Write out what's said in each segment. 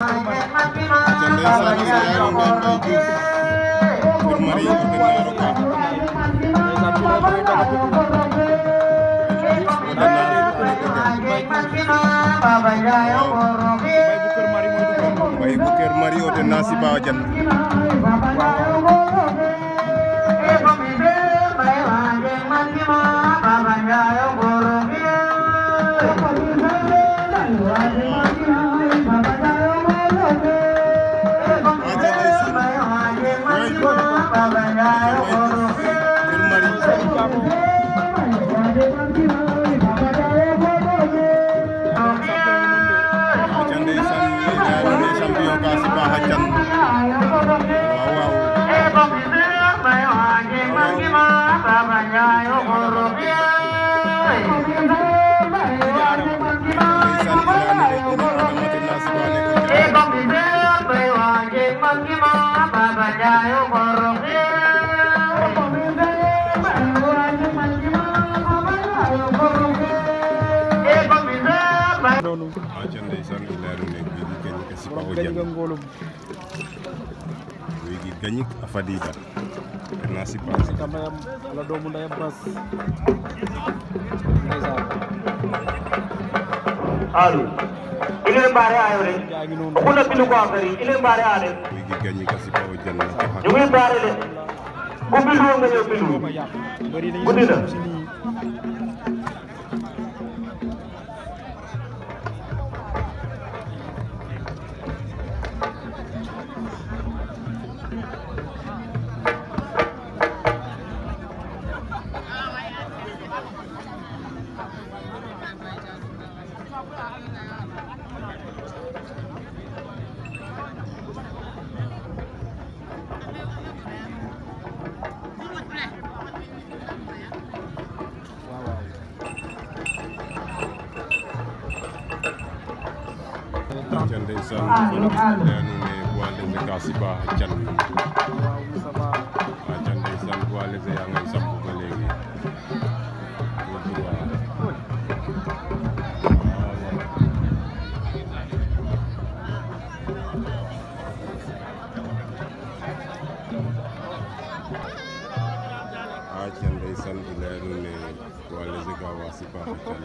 Mbay bu Kër Mario te Nasiba Diagne Marie. noonu aca ndeysaan i leya ne Gouy Gui gañik sipa o jang Gouy Gui gañik a fadiida tena sipa sika ndayam wala doomu ndayam bas ndeysaan alo ayo de kuna binu ko affaire ile mbare a sipa o nga na Thiel ndeysaan leenu ne waa Lese ka siba Thiel waa Thiel ndeysaan waa Lese yaa ngay samp ba léegi waa Thiel ndeysaan leenu ne waa Lese ka waa siba Thiel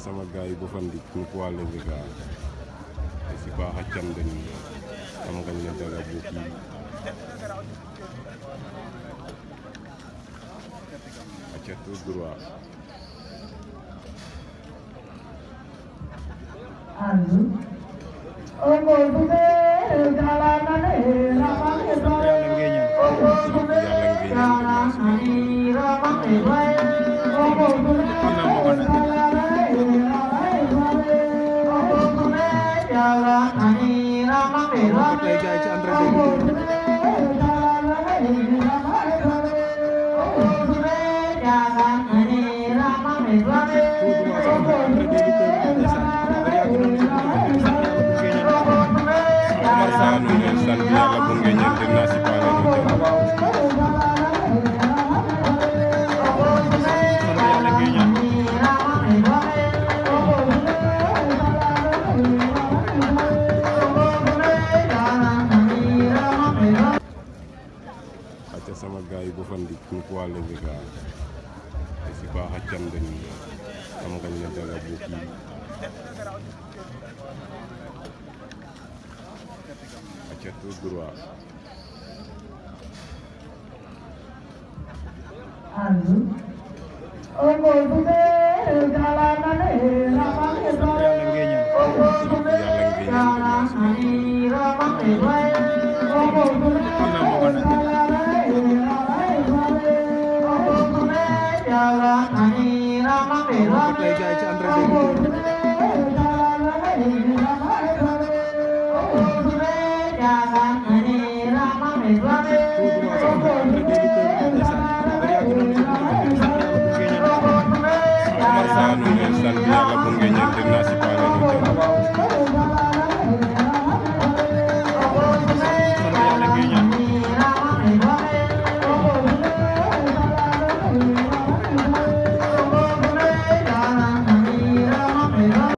sama gaay bofandik nukuwale vega sipa haccamdeni kamkañne daga boki acca tout droit Alu, omo bude galanane ramane bare, omo bude galanane ramane bare, omo bude galanane koy jaay ci Android ndi kulikuwalezeka sibahaccamden amgalle daga boki accatto droit Allo. Oh, my God. Bang Mate, lagi aja Andre Dewi.